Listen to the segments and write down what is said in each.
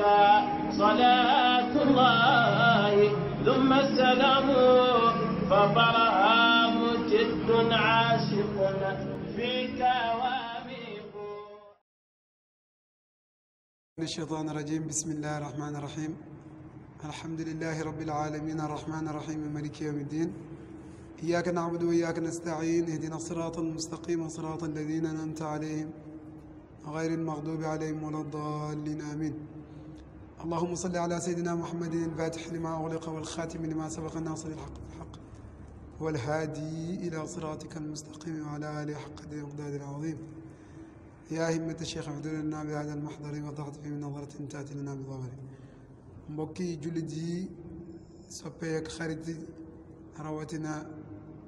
عليك صلاة الله ثم السلام فبرهام جد عاشق فيك واميق من الشيطان الرجيم بسم الله الرحمن الرحيم الحمد لله رب العالمين الرحمن الرحيم مالك يوم الدين إياك نعبد وإياك نستعين اهدنا الصراط المستقيم صراط الذين أنعمت عليهم غير المغضوب عليهم ولا الضالين آمين اللهم صل على سيدنا محمد الفاتح لما أغلق والخاتم لما سبق الناصر الحق بالحق والهادي إلى صراطك المستقيم وعلى آله حق المقدار العظيم يا همة الشيخ اعذر لنا بهذا المحضر وضعت في نظرة تأتي لنا بظهر mbokki jullit yi soppeek xarit yi rawatina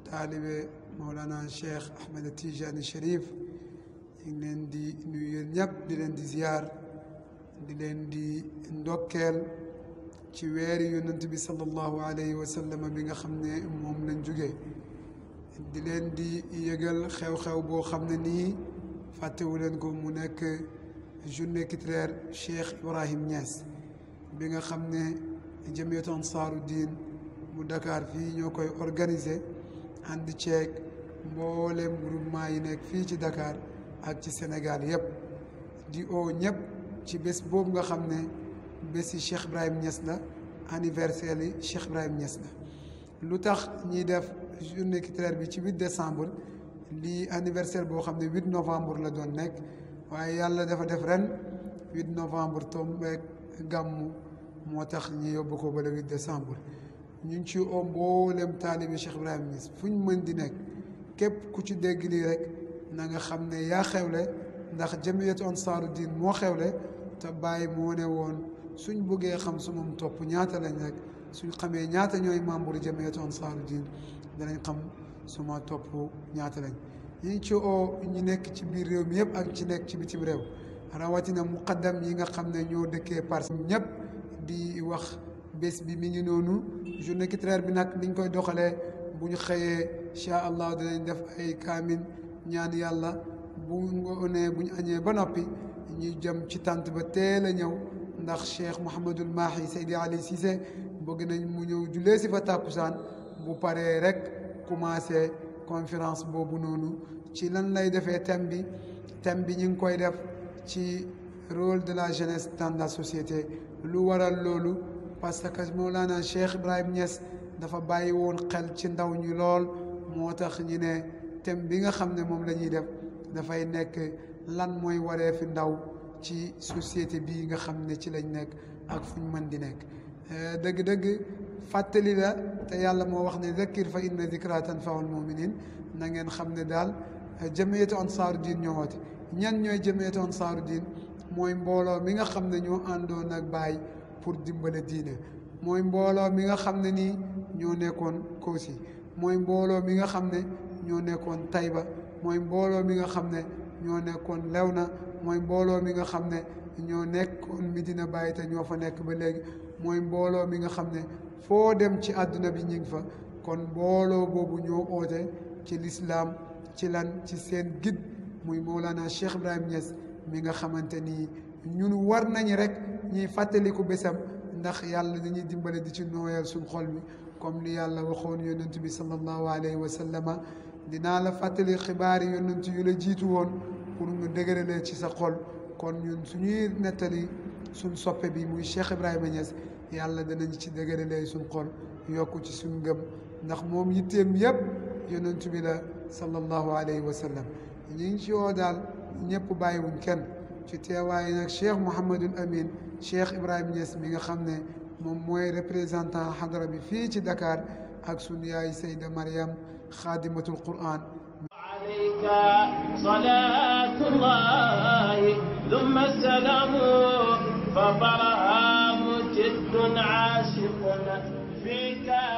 taalibe Mawlana Cheikh Ahmed Tijani Cherif ñu ngi leen di nuyu yéen ñëpp di leen di ziar di leen di ndokkeel ci weeri yonent bi sallallahu alayhi wa sallam bi nga xam ne moom lañ jóge di leen di yëgal xew-xew boo xam ne nii fàttewuleen ko mu nekk journée culturelle Cheikh Ibrahim ñees bi nga xam ne jamiyatu ansaaru diin bu Dakar fii ñoo koy organiser ànd ceeg mbooleem groupement yi nekk fii ci dakaar ak ci Sénégal yëpp di oo ñëpp ci bés boobu nga xam ne bési Cheikh Ibrahim Niass la anniversaire yi Cheikh Ibrahim Niass la lu tax ñuy def journée culturelle bi ci 8 décembre li anniversaire boo xam ne 8 novembre la doon nekk waaye yàlla dafa def ren 8 novembre tombeek gàmmu moo tax ñu yóbbu ko bala le 8 décembre ñu ci oo mboolem taalibi Cheikh Ibrahim Niass fu ñu mën di nekk képp ku ci dégg lii rek na nga xam ne yaa xewle ndax jamiyatu ansaaru diin moo xewle te bàyyi moo ne woon suñ buggee xam su moom topp ñaata lañ rek suñ xamee ñaata ñooy membre jamiyatu ansaaru diin danañ xam suma topp ñaata lañ ñi ci ñi nekk ci biir réew mi yëpp ak ci nekk ci bitim réew rawatina muqaddam yi nga xam ne ñoo dëkkee parce ñëpp di wax bés bi mi ngi noonu journée culturelle bi nag niñ koy doxalee bu ñu xëyee incha allah danañ def ay kaamin ñaan yàlla bu ngoonee bu ñu añee ba noppi ñi jëm ci tànt ba teel a ñëw ndax Cheikh Mouhamadul Mahi Seydi Ali Cissé bëgg nañ mu ñëw jullee si fa tàkkusaan bu paree rek commencé conférence boobu noonu ci lan lay defee thème bi thème bi ñu ngi koy def ci rôle de la jeunesse dans la société lu waral loolu parce que moo Mawlana Cheikh Ibrahim Niass dafa bàyyi woon xel ci ndaw ñi lool moo tax ñu ne thème bi nga xam ne moom la ñuy def dafay nekk lan mooy wareefi ndaw ci société bi nga xam ne ci lañ nekk ak fu ñu mën di nekk eh, dëgg-dëgg fàttali la te yàlla moo wax ne zakkir fa inna zikra tanfaul muminin na ngeen xam ne daal eh, jamiyatu ansaaru diin ñoo woote ñan ñooy jamiyatu ansaaru diin mooy mbooloo mi nga xam ne ñoo àndoon ak Baay pour dimbale diine mooy mbooloo mi nga xam ne nii ñoo nekkoon Kossy mooy mbooloo mi nga xam ne ñoo nekkoon Taïba mooy mbooloo mi nga xam ne ñoo nekkoon lew na mooy mbooloo mi nga xam ne ñoo nekkoon Medina bàyyi te ñoo fa nekk ba léegi mooy mbooloo mi nga xam ne foo dem ci àdduna bi ñu fa kon mbooloo boobu ñoo oote ci lislaam ci lan ci seen guide muy Mawlana Cheikh Ibrahim Niass mi nga xamante ni ñun war nañu rek ñuy fàttaliku bésam ndax yàlla dañuy dimbale di ci nooyal suñ xol bi comme li yàlla waxoon yonent bi sallallahu alayhi wa sallama dinaa la fàttali xibaar yi yonent yu la jiitu woon pour nga dëgëralee ci sa xol kon ñun suñuy nettali suñ soppe bi muy Cheikh Ibrahima Niass yàlla danañ ci dëgëralee suñ xol yokku ci suñ ngëm ndax moom yitteem yépp yonent bi la sallallahu alayhi wa sallam ñu ngi ci woo daal ñëpp bàyyiwuñ kenn ci teewaayu nag Cheikh Mouhamadul Amin Cheikh Ibrahima Niass mi nga xam ne moom mooy représentant xadara bi fii ci Dakar ak suñu yaay Seyda Mariam خادمة القرآن عليك صلاة الله ثم السلام فطرها مجد عاشق فيك